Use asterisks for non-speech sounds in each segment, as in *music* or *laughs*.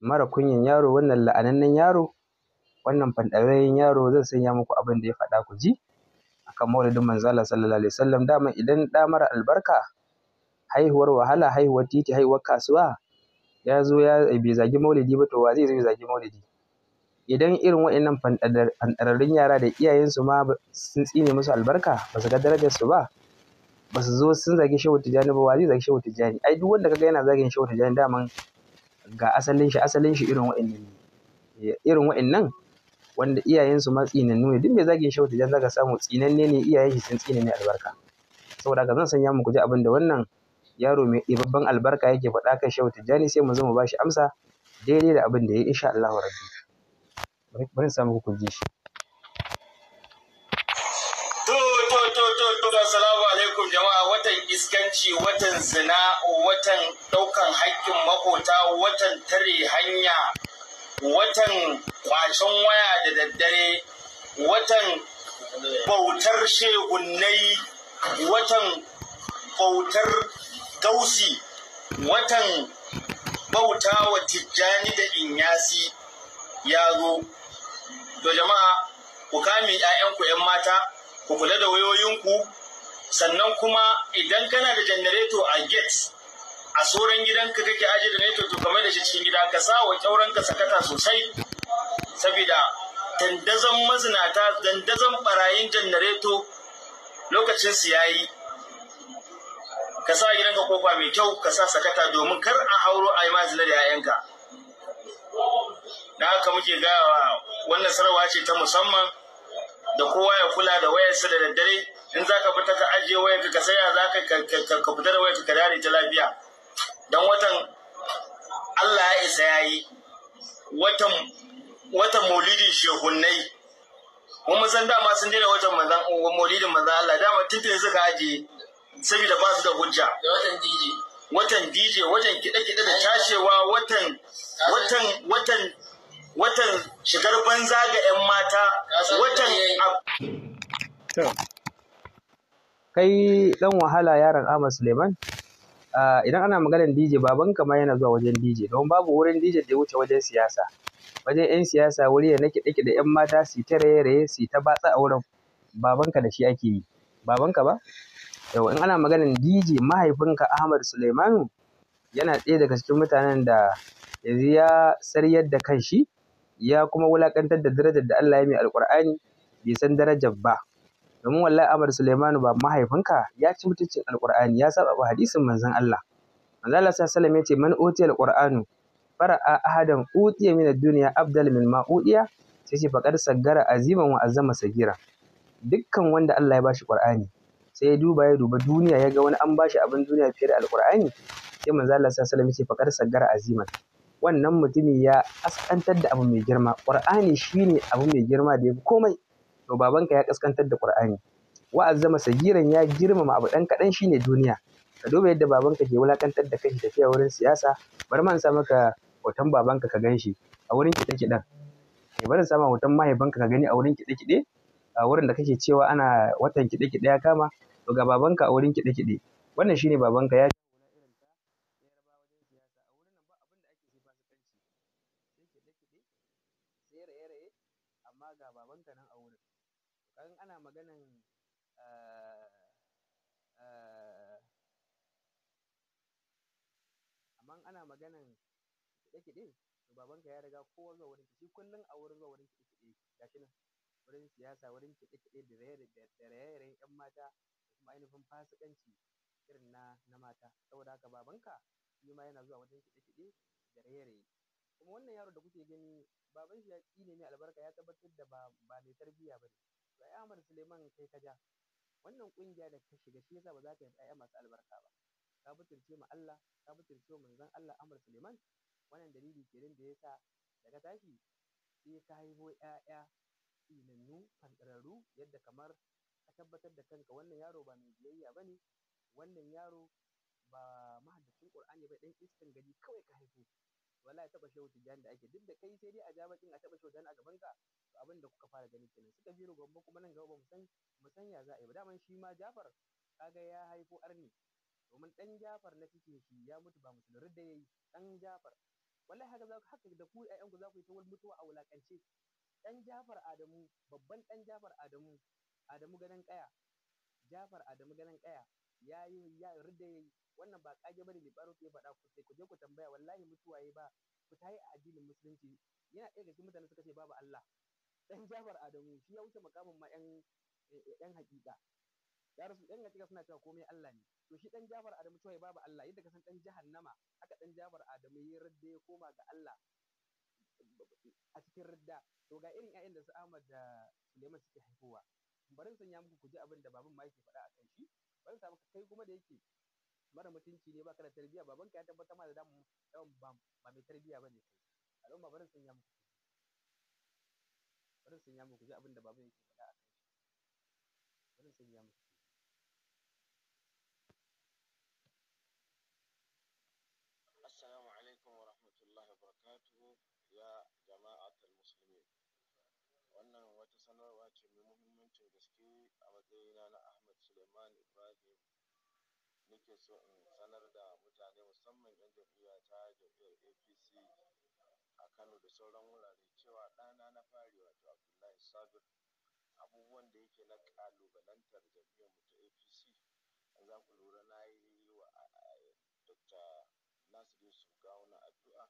mara kunyan yaro wannan la'anannen yaro wannan fanɗarayen yaro zan sanya muku abin da ya faɗa ku ji akan maulidin manzala sallallahu alaihi wasallam dama idan ɗa mara albarka haihuwar wahala haihuwar titi haihuwar kasuwa ya zo ya eh, bai zagi maulidi ba to wa zai zo ya zagi maulidi idan irin waɗannan fanɗararrun yara da iyayensu ma sun tsine musu albarka ba su ga darajarsu ba ba su zo sun zagi shehu tijjani ba wa zai zagi shehu tijjani ai duk wanda kaga yana zagin shehu tijjani daman ga asalin shi asalin shi irin wa'annan ne eh, irin wa'annan wanda iyayensu ma tsinannu ne duk mai zagin wata jan zaka samu tsinanne ne iyayen shi sun tsinanne albarka saboda haka zan sanya muku ji abinda wannan yaro mai ɗibabban albarka yake faɗa kan wata tijjani sai mu zo mu shi amsa daidai da abin da ya insha Allahu rabbi bari in sa muku kun ji shi fuskanci watan zina watan ɗaukan haƙƙin makota watan tare hanya watan kwashen waya da daddare watan bautar shegunnai watan bautar gausi watan bauta wa tijjani da inyasi ya zo to jama'a ku kame 'ya'yanku 'yan mata ku kula da wayoyinku sannan kuma idan kana da janareto a gate a sauran gidanka kake da janareto to kamar da shi cikin gida ka sa wa kyauran ka sakata sosai saboda dandazon mazinata dandazon barayin janareto lokacin su yayi ka sa gidanka kofa mai kyau ka sa sakata domin kar a hauro a yi da 'ya'yanka da haka muke gawa wannan sarwa ce ta musamman da kowa ya kula da wayarsa da daddare in za ka fita ka ajiye wayarka, ka saya za ka fita da wayarka ka dare ta lafiya don watan Allah ya isa ya yi watan watan maulidin shehunnai mun san dama sun daina watan manzan maulidin manzan Allah dama tuntun suka ajiye saboda ba su da hujja watan DJ watan DJ watan kiɗe-kiɗe da tashewa watan watan watan watan shigar banza ga 'yan mata watan kai dan wahala yaron Ahmad Suleiman idan ana maganar DJ baban ma yana zuwa wajen DJ don babu wurin DJ da ya wuce wajen siyasa wajen 'yan siyasa wuri ya na dake da 'yan mata su ta raye-raye su ta batsa a wurin babanka da shi ake yi babanka ba yau in ana maganar DJ mahaifinka Ahmad Suleiman yana ɗaya daga cikin mutanen da yanzu ya sariyar da kanshi ya kuma wulakantar da darajar da Allah ya mai alƙur'ani bai san darajar ba domin wallahi Ahmad Sulaimanu ba mahaifinka ya ci mutuncin Alƙur'ani ya saba ba hadisin manzon Allah manzon Allah sallallahu alaihi ce man utiya alqur'anu fara'a ahadan utiya min ad-dunya afdal min ma utiya sai ce faqad saggara aziman wa azama sagira dukkan wanda Allah ya bashi Qur'ani sai ya duba ya duba duniya ya ga wani an bashi abin duniya fiye da alqur'ani sai manzon Allah sallallahu alaihi ce faqad saggara aziman wannan mutumi ya askantar da abu mai girma Qur'ani shine abu mai girma da ya komai to babanka ya kaskantar da Qur'ani wa azzama sagiran ya girmama abu dan kadan shine duniya ka duba yadda babanka ke wulakantar da kai tafiya wurin siyasa bari man sa maka hoton babanka ka ganshi a wurin kiɗe kiɗen ke eh, barin sama hoton mahaifinka ka gani a wurin kiɗe kide a wurin da kake cewa ana watan kiɗe kide ya kama to ga babanka a wurin kiɗe kide wannan shine babanka ya kiɗe to babanka ya riga kowa zuwa wurin shi kullum a wurin zuwa wurin kiɗe kiɗe eh, gashi nan wurin siyasa wurin kiɗe kiɗe da raye-rayen yan mata da kuma ainihin fasikanci irin na na mata saboda haka babanka shi ma yana zuwa wajen kiɗe kiɗe da raye-raye kuma wannan yaro da kuke gani baban shi ya ne mai albarka ya tabbatar da ba ba mai tarbiyya ne. to ai Ahmad Suleiman kai ka ja wannan ƙungiya da ka shiga shi yasa ba za ka yi ɗaya masu albarka ba ka butulce ma Allah ka butulce manzon Allah Ahmad Suleiman wannan dalili kenan da yasa sa daga tashi sai ka haifo ƴaƴa tsinannu fanɗararru yadda kamar ka tabbatar da kanka wannan yaro ba mai biyayya ba ne wannan yaro ba mahaddacin qur'ani ba ɗan iskan gari kawai ka haifo wallahi taɓa shehu tijjani da ake duk da kai sai dai a ja bakin a taɓa shehu tijjani a gaban ka to abin da kuka fara gani kenan suka biro gombe kuma nan gaba mu san mu san ya za a yi ba daman shi ma Jafar kaga ya haifo arni domin ɗan Jafar na cikin shi ya mutu ba musulmi da yayi ɗan Jafar wallahi haka za haka da ku ƴaƴanku za ku yi ta mutuwa a wulakance ɗan Jafar Adamu babban dan Jafar Adamu Adamu ganin ƙaya, Jafar Adamu ganin ƙaya ya yi ya rida yayi wannan ba kage bane mai baro ya faɗa ku sai ku je ku tambaya wallahi mutuwa yayi ba ku tayi a addinin musulunci yana ɗaya cikin mutane suka ce babu Allah ɗan Jafar Adamu shi ya wuce makamin ma ƴan ƴan hakika ya rasu ɗan hakika suna cewa komai Allah ne to shi ɗan Jafar Adamu cewa babu Allah yadda ka san ɗan jahannama haka ɗan Jafar Adamu ya radda ya koma ga Allah a cikin radda to ga irin ƴaƴan da su Ahmad da Suleiman suke haifowa bari sanya muku ku ji abin da baban ma yake faɗa a kan shi bari sa maka kai kuma da yake mara mutunci ne baka da tarbiyya babanka ya tabbatar ma da damu yawan ba mai tarbiyya bane kai al'umma bari sanya muku bari sanya muku ji abin da baban yake faɗa a kan shi bari sanya muku sanarwa ce mai muhimmancin gaske a matsayina na Ahmad Suleiman Ibrahim nake so in sanar da mutane musamman 'yan jam'iyya ta jam'iyyar APC a Kano da sauran wurare cewa ɗana na fari wato Abdullahi Sabir abubuwan da yake na ƙalubalantar jam'iyyar mu ta APC za ku lura na yi wa Dr. Nasiru Yusuf Gawuna addu'a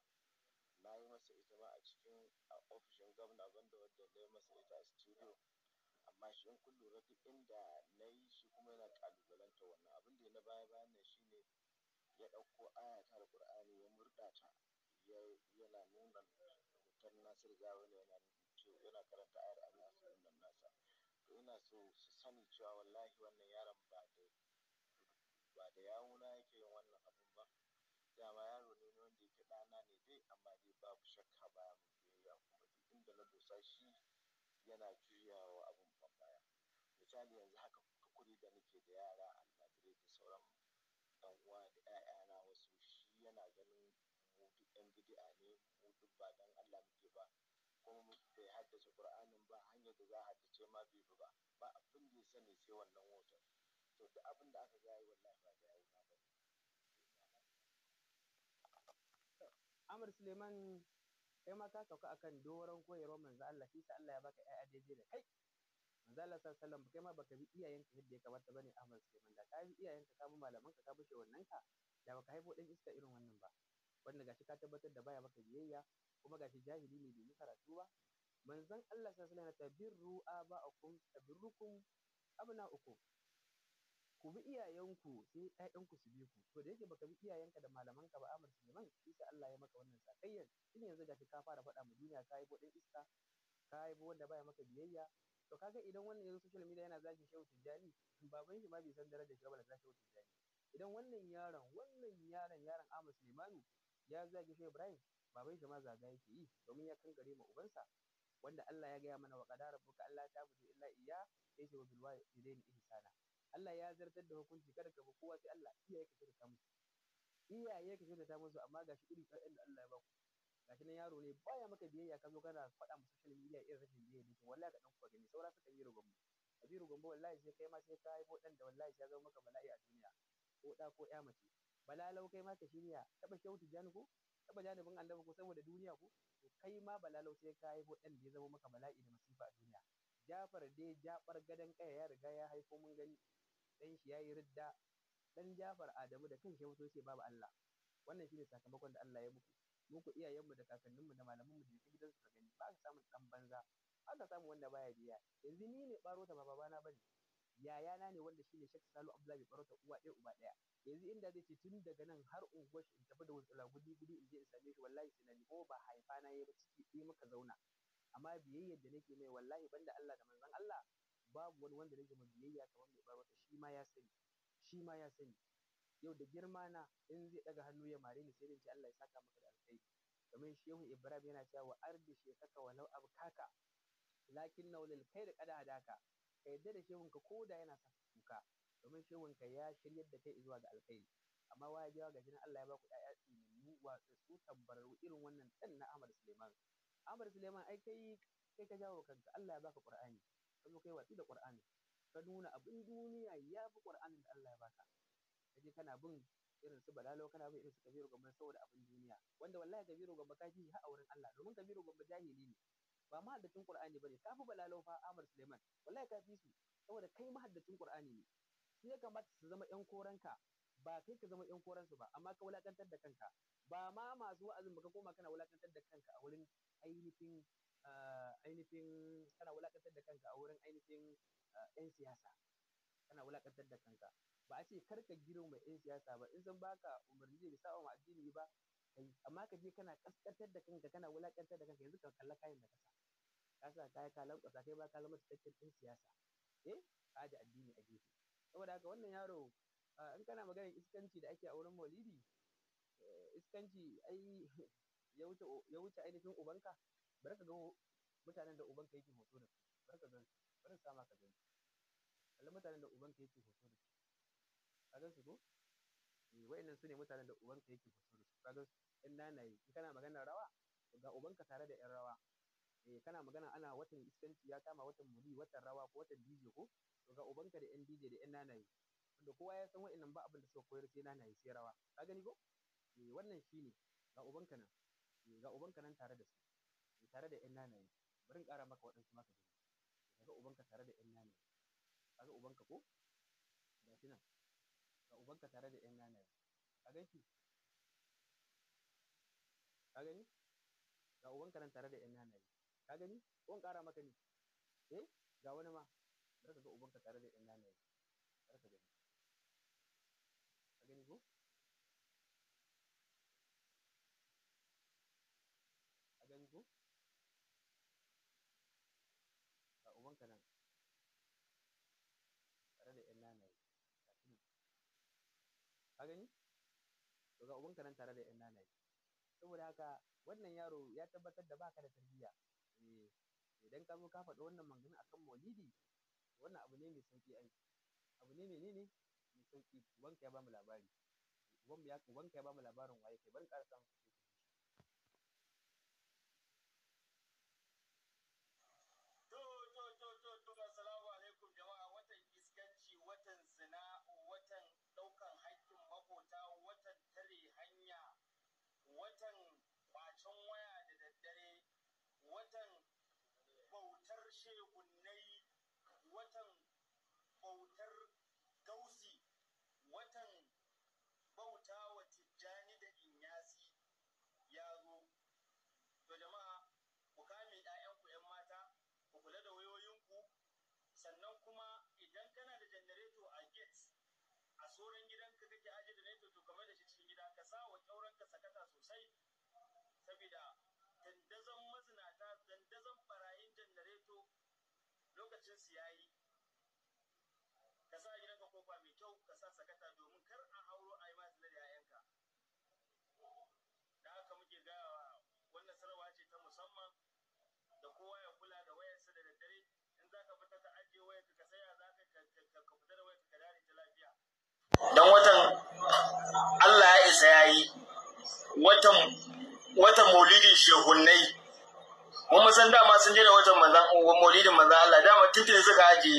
na yi masa ita ma cikin ofishin gwamna wanda wadda na masa ita a studio amma shi in kun lura duk inda na yi shi kuma yana kalubalanta wannan abin da na baya bayan nan shine ya ɗauko aya ta ƙur'ani ya murɗa ta yana nuna mutan nasir gawa ne yana yana karanta ayar Allah a sunan nasa to ina so su sani cewa wallahi wannan yaron ba da ba da yawuna yake yin wannan abun ba dama ya harsashi yana juyawa abin bambaya misali yanzu haka tukuri da nake da yara almajirai da sauran ɗan uwa da ƴaƴana wasu shi yana ganin mu duk ɗan ne mu duk ba dan Allah muke ba kuma bai haddace Qur'anin ba hanyar da za a haddace ma bai bi ba ba abin da ya sani sai wannan wutar to duk abin da aka gaya wallahi ba da yawo na ba Amir Suleiman kai ma ka sauka akan doron koyarwar manzo Allah shi sa Allah ya baka ƴaƴa daidai da kai manzo Allah sallallahu alaihi wasallam kai ma baka bi iyayenka yadda ya kamata bane Ahmad Suleiman da ka bi iyayenka ka bi malamanka ka bi shehunanka da baka haifo ɗan iska irin wannan ba wanda gashi ka tabbatar da baya maka biyayya kuma gashi jahili ne bai karatu ba manzon Allah sallallahu alaihi wasallam ta birru aba'akum tabirrukum abna'ukum ku bi iyayenku sai ƴaƴanku su bi ku to da yake baka bi iyayenka da malamanka ba Ahmad Suleiman shi sa Allah ya maka wannan sakayyar shine yanzu gashi ka fara faɗa mu duniya ka haibo ɗan iska ka haibo wanda baya maka biyayya to kaga idan wannan yanzu social media yana zagin Shehu Tijjani baban shi ma bai san darajar shi ba da Shehu Tijjani idan wannan yaron wannan yaron yaron Ahmad Suleimanu ya zagi Shehu Ibrahim baban shi ma zaga yake yi domin ya kangare ma ubansa wanda Allah ya gaya mana wa buka allah ta ta'budu illa iyyah yace wa bil walidayni ihsana Allah ya zartar da hukunci kada ka bi kowa sai Allah iyaye ka kyautata musu iyaye ka kyautata musu amma gashi irin ƴaƴan da Allah ya baku gashi nan yaro ne baya maka biyayya ka zo kana faɗa musu social media irin rashin biyayya ne wallahi ka dan kuka gani saura suka yi rugumbu a bi rugumbu wallahi sai kai ma sai ka haifo ɗan da wallahi ya zama maka bala'i a duniya ko ɗa ko ƴa mace balalau kai ma ka shirya taɓa kyautu jani ko taɓa janibin annabi ko saboda duniya ko to kai ma balalau sai ka haifo ɗan da ya zama maka bala'i da masifa a duniya jafar dai jafar gadon kaya ya riga ya haifo mun gani dan shi yayi ridda dan Jafar Adamu da kanshi ya ce babu Allah wannan shine sakamakon da Allah ya muku muku iyayenmu da kakanninmu da mu da cikin gidansu ka gani ba ka samu dan banza aka samu wanda baya biya yanzu ni ne baro ta ba babana bane yayana ne wanda shine Sheikh Salu Abdullahi baro ta uwa ɗaya uba ɗaya yanzu inda zai ce tun daga nan har unguwar shi in tafi da wutsula gudi gudi in je in same shi wallahi sai ko ba haifa na yi ba ciki ɗaya muka zauna amma biyayyar da nake mai wallahi banda Allah da manzon Allah babu wani wanda nake ma biyayya kamar mai barbata shi ma ya sani shi ma ya sani yau da girma na in zai ɗaga hannu ya mare ni sai dai ce Allah ya saka maka da alkhairi kamar shehu Ibrahim yana cewa wa ardi shekaka walau abkaka lakin na wani kai da kada hadaka ka yadda da shehunka ko da yana sa kuka domin shehunka ya shiryar da kai zuwa ga alkhairi amma waya jawa ga jinin Allah ya baku ƴaƴa tsinannu wato su tambarau irin wannan ɗan na Ahmad Suleiman Ahmad Suleiman ai kai kai ka jawo kanka Allah ya baka Qur'ani ka zo kai watsi da qur'ani ka nuna abin duniya ya fi qur'anin da Allah ya baka kaje kana bin irin su balalo kana bin irin su kabiru gamba saboda abin duniya wanda wallahi kabiru gamba ka ji ha wurin Allah domin kabiru gamba jahili ne ba mahaddacin qur'ani bane ka fi balalo fa Amr Suleiman wallahi ka fi su saboda kai mahaddacin qur'ani ne shi ya kamata su zama yan koranka ba kai ka zama yan koransu ba amma ka wulakantar da kanka ba ma masu wa'azin ba ka koma kana wulakantar da kanka a wurin ainihin Ah, ainihin kana wulakantar da kanka a wurin ainihin 'yan ah, siyasa kana wulakantar da kanka ba a ce kar ka ma 'yan siyasa ba in san baka umarni da sa'o ma addini ba kai amma ka je kana kaskantar da kanka kana wulakantar da kanka yanzu ka kalla kayan da kasa ka sa kaya ka lankwasa kai ba ka zama cikakken ɗan siyasa eh ka aje addini a gefe saboda haka wannan yaro ah, in kana maganar iskanci da ake a wurin maulidi eh, iskanci ai *laughs* ya wuce ainihin ubanka bari ka ga mutanen da ubanka yake hoto da su bari ka gan su bari ka sama ka gan su mutanen da ubanka yake hoto da su ka gan su ko eh, wa'annan su ne mutanen da ubanka yake hoto da su ka gan su in nanaye in kana magana rawa ga ubanka tare da yan rawa eh kana magana ana watan iskanci ya kama watan muli, watan rawa ko watan DJ ko to ga ubanka da yan DJ da yan nanaye wanda kowa ya san wa'annan ba abin da suka koyar sai nanaye sai rawa ka gani ko eh wannan shine ga ubanka nan eh, ga ubanka nan tare da su tare da yan nanaye bari in ƙara maka waɗansu maka gani kaga ubanka tare da yan nanaye ga ubanka ko ga shi nan ga ubanka tare da yan nanaye ka gan shi ka gani ga ubanka nan tare da yan nanaye ka gani ko in ƙara maka ne eh ga wani ma bari ka ga ubanka tare da yan nanaye uwanka nan tare da yan nanaye saboda haka wannan yaro ya tabbatar da baka da tarbiyya eh, idan ka zo ka faɗi wannan magana akan maulidi wannan abu ne mai sauki ai abu ne menene mai sauki wanka ya bamu labari ubanka ya bamu labarin waye kai bari ƙara samun gidan gidanka kake aje da neto to kamar da shi cikin gida ka sa wa ka sakata sosai saboda dandazon mazinata dandazon barayin janareto lokacin su yayi maulidin shehunai mun san dama sun je da wajen manzan maulidin manzan Allah dama tuntun suka aje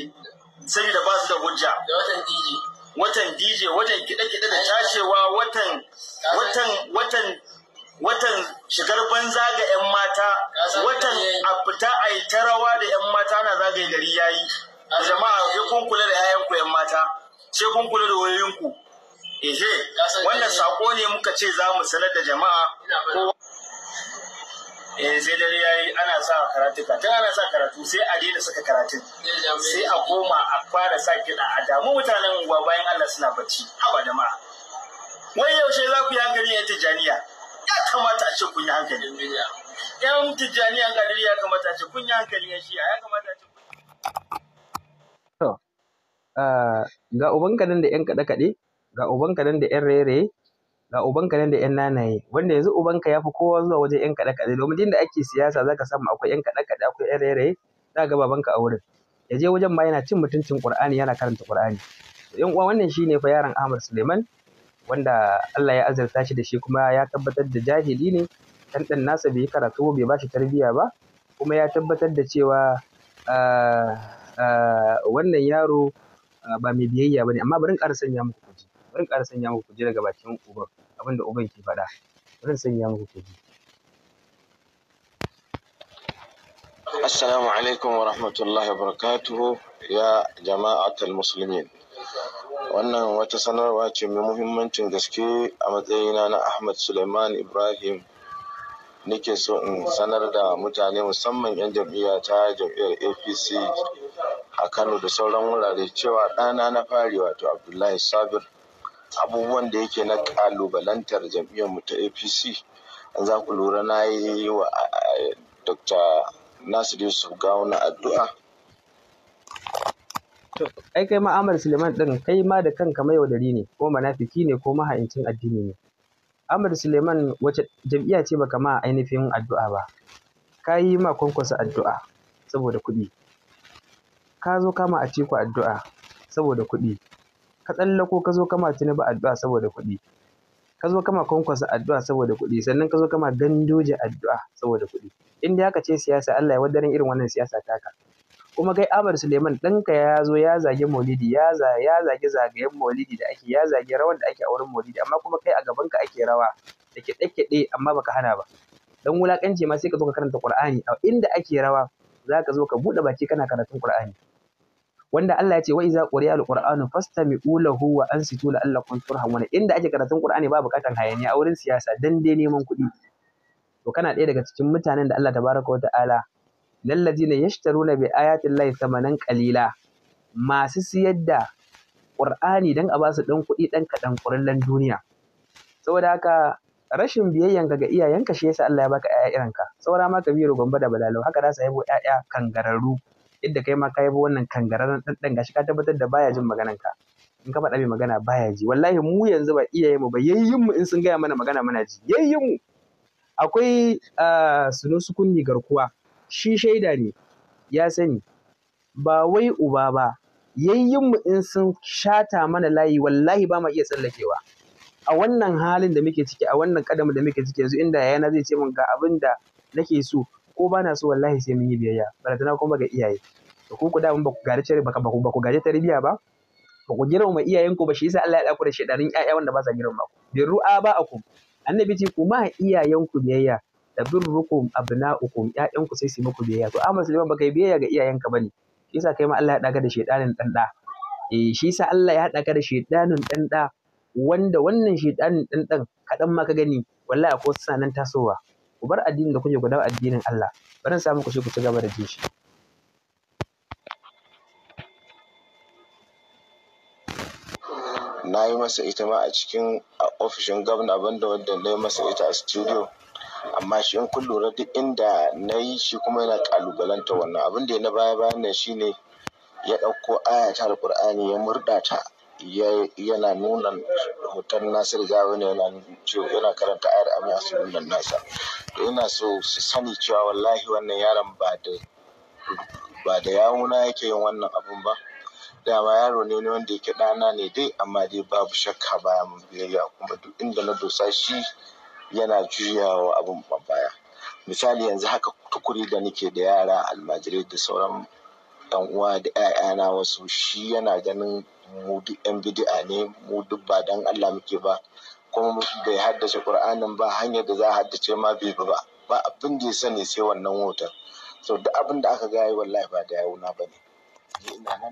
saboda ba su da hujja da watan DJ watan DJ watan kida kida da tashewa watan watan watan watan shigar banza ga 'yan mata watan a fita a yi ta rawa da 'yan mata na zagaye gari yayi jama'a ya kunkula da da 'ya'yanku 'yan mata sai kunkula kula da wayoyinku ehe wannan sako ne muka ce za mu sanar da jama'a eh sai dare yayi ana sa karatuka tun ana sa karatu sai a daina saka karatun eh, sai a koma a fara sa kiɗa a damu mutanen unguwa bayan Allah suna bacci haba da ma wai yaushe za ku yi hankali yan tijaniya ya kamata a ce kun yi hankali yan tijaniya kadiri ya kamata a ce kun yi hankali yan shi ya kamata a ce kun ah, ga uban nan da yan kaɗe-kaɗe ga uban nan da yan raye-raye ga ubanka nan da yan nanaye wanda yanzu ubanka ya fi kowa zuwa wajen yan kaɗe kaɗe domin da ake siyasa zaka samu akwai yan kaɗe kaɗe akwai yan raye za ga babanka a wurin ya je wajen ma yana cin mutuncin qur'ani yana karanta qur'ani yan uwa wannan shine fa yaron Ahmad Suleiman wanda Allah ya azurta shi da shi kuma ya tabbatar da jahili ne dan dan nasa bai karatu bai bashi tarbiyya ba kuma ya tabbatar da cewa ah, ah, wannan yaro ah, ba mai biyayya bane amma bari in ƙara sanya muku kuji bari in bakin uban abin da uban ke faɗa bari in sanya muku assalamu alaikum wa rahmatullahi wa barakatuhu ya jama'atul muslimin wannan wata sanarwa ce mai muhimmancin gaske a matsayina na ahmad suleiman ibrahim nake so in sanar da mutane musamman 'yan jam'iyya ta jam'iyyar apc a kano da sauran wurare cewa ɗana na fari wato abdullahi sabir abubuwan da yake na kalubalantar jam'iyyarmu ta apc an za ku lura na yi wa dr Nasir yusuf gawuna addu'a to ai kai ma'amar Suleiman din kai ma da kanka mai wadari ne ko manafiki ne ko maha'incin addini ne Amadu Suleiman wace jam'iyya ce baka ma ainihin addu'a ba ka yi ma kwankwasa addu'a saboda kuɗi ka zo kama a ciku addu'a saboda kuɗi ka tsallako ka zo kama tinubu addu'a saboda kuɗi ka zo kama kwankwasa addu'a saboda kuɗi sannan ka zo kama gandoji addu'a saboda kuɗi in dai aka ce siyasa Allah ya wadaren irin wannan siyasa taka kuma kai Ahmad Suleiman ɗanka ya zo ya zage Maulidi ya ya zage zagayen Maulidi da ake ya zage rawar da ake a wurin Maulidi amma kuma kai a gaban ka ake rawa da kiɗe-kiɗe amma baka hana ba dan wulakanci ma sai ka zo ka karanta Qur'ani a inda ake rawa zaka zo ka buɗe baki kana karatun Qur'ani wanda Allah ya ce wa iza quriya alqur'anu fastami'u lahu wa ansitu la'allakum turhamuna inda ake karatun qur'ani ba bukatan hayaniya a wurin siyasa dan dai neman kuɗi to kana ɗaya daga cikin mutanen da Allah tabaraka wata'ala lalladina yashtaruna bi ayati llahi thamanan qalila masu siyar da qur'ani dan a basu dan kuɗi dan kaɗan ƙurallan duniya saboda haka rashin biyayyanka ga iyayenka shi yasa Allah ya baka ƴaƴa ka. saura ma kabiru gombe da balalau haka za su haihu ƴaƴa kangararru yadda kai ma ka yabo wannan kangararren ɗanɗan gashi ka tabbatar da baya jin maganan ka in ka faɗa mai magana baya ji wallahi mu yanzu ba mu ba mu in sun gaya mana magana muna ji mu. akwai sunusu kunni garkuwa shi shaida ne ya sani ba wai uba ba mu in sun shata mana layi wallahi ba ma iya tsallakewa a wannan halin da muke ciki a wannan kadamu da muke ciki yanzu inda yayana zai ce min ga abin da nake so ko ba na so wallahi sai mun yi biyayya balantana kuma ga iyaye to ku da mun ba ku gaji ba ku gaji tarbiyya ba ba ku ma iyayen ku ba shi yasa Allah ya daku da shedarin ƴaƴa wanda ba sa girma ku birru ku annabi ce ku ma iyayen ku biyayya da birrukum abna'ukum ƴaƴan ku sai su muku biyayya to a musulman ba kai biyayya ga iyayenka bane shi yasa kai ma Allah ya daga da shedanin dan da eh shi yasa Allah ya daga da shedanin dan da wanda wannan shedanin dan dan kadan ma ka gani wallahi akwai sanan tasowa ku bar addinin da kuke ku dawo addinin Allah barin sa muku shi ku ci gaba da jin shi na yi masa ita ma a cikin ofishin gwamna banda wadda na yi masa ita a studio amma shi in kun lura duk inda na yi shi kuma yana kalubalanta wannan abin da ya na baya bayan nan ne ya ɗauko aya ta alƙur'ani ya murɗa ta yana nuna hoton nasir gawo ne yana karanta ayar amin asirin nasa to ina so su sani cewa wallahi wannan yaron ba da ba yawuna yake yin wannan abun ba dama yaro ne wanda yake ɗana ne dai amma dai babu shakka baya mun biyayya kuma duk inda na dosa shi yana juyawa abun baya misali yanzu haka tukuri da nake da yara almajirai da sauran yan uwa da 'ya'yana wasu shi yana ganin mu duk yan bid'a ne mu duk ba dan Allah muke ba kuma bai haddace Qur'anin ba hanyar da za a haddace ma bai ba ba abin da ya sani sai wannan wutar so duk abin da aka gaya wallahi ba da yawuna ba ne ni ina nan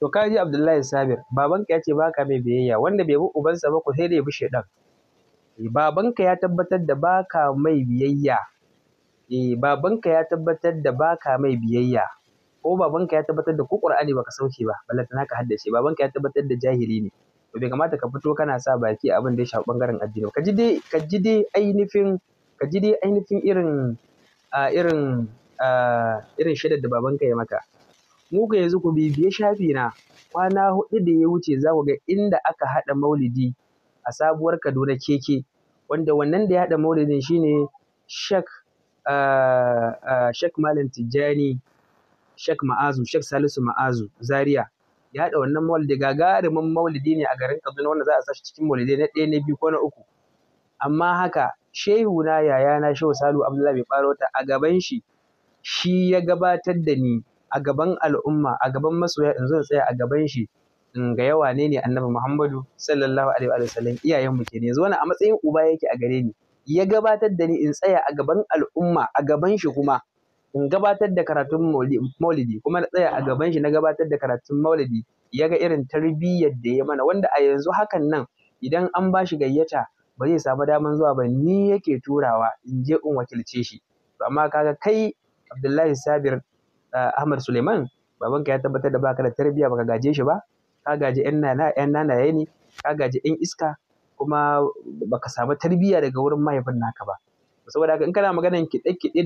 to kaji Abdullahi Sabir babanka ya ce baka mai biyayya wanda bai bi ubansa ba ku sai da ya bi shedan eh, babanka ya tabbatar da baka mai biyayya eh babanka ya tabbatar da baka mai biyayya ko babanka ya tabbatar da ko Qur'ani baka sauke ba ballanta naka haddace babanka ya tabbatar da jahili ne to bai kamata ka fito kana sa baki abin da ya shafi bangaren addini ka ji dai ka ji dai ainihin ka ji dai ainihin irin a irin a irin shaidar da babanka ya maka mu ka yanzu ku bibiye shafi na kwana hudu da ya wuce za ku ga inda aka haɗa maulidi a sabuwar Kaduna keke wanda wannan da ya haɗa maulidin shine Sheikh Sheikh Malam Tijjani Sheikh Ma'azu Sheikh Salisu Ma'azu Zaria ya haɗa wannan maulidi gagarumin maulidi ne a garin Kaduna wanda za a sashi cikin maulidi na ɗaya na biyu ko na uku amma haka shehu na yayana Shehu Salu Abdullahi ta a gaban shi shi ya gabatar da ni a gaban al'umma a gaban masoya in zo tsaya a gaban shi in ga yawa ne ne Annabi Muhammadu sallallahu alaihi wa sallam iyayen mu kenan yanzu wannan a matsayin uba yake a gare ni ya gabatar da ni in tsaya a gaban al'umma a gaban shi kuma in gabatar da karatun maulidi kuma na tsaya a gaban shi na gabatar da karatun maulidi ya ga irin tarbiyyar da ya mana wanda a yanzu hakan nan idan an ba shi gayyata ba zai samu daman zuwa ba ni yake turawa in je in wakilce shi amma kaga kai Abdullahi Sabir ah, Ahmad Suleiman babanka ya tabbatar da baka da tarbiyya baka gaje shi ba ka gaje yan nana yan nanaye ne ka gaje yan iska kuma baka samu tarbiyya daga wurin mahaifin naka ba saboda haka in kana maganan kiɗe-kiɗe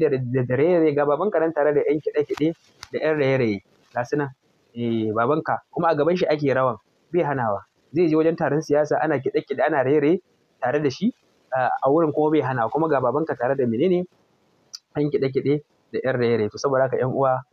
da raye-raye ga babanka nan tare da 'yan kiɗe-kiɗe da 'yan raye-raye ga su nan eh, babanka kuma a gaban shi ake rawan bai hanawa zai je wajen taron siyasa ana kiɗe-kiɗe ana raye-raye tare da shi eh, a wurin kuma bai hana kuma ga babanka tare da menene an kiɗe-kiɗe da 'yan raye-raye to saboda haka 'yan uwa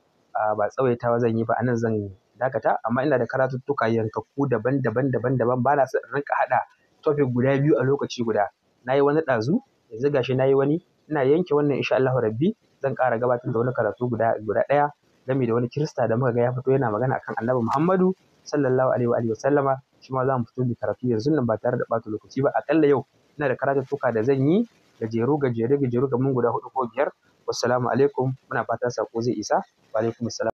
ba tsawaitawa zan yi ba anan zan dakata amma ina da karatuttuka yankakku daban-daban daban-daban ba na rinka haɗa topic guda biyu a lokaci guda na yi wani ɗazu yanzu gashi na yi wani ina yanke wannan insha Allahu rabbi zan ƙara gabatar da wani karatu guda guda ɗaya game da wani kirista da muka ga ya fito yana magana akan annabi Muhammadu sallallahu alaihi wa alihi wasallama shi ma za mu fito da karatu yanzu nan ba tare da ɓata lokaci ba akalla yau ina da karatuttuka da zan yi gajeru jeru gajeru mun guda hudu ko biyar wassalamu alaikum muna fatan sako zai isa wa alaikum assalam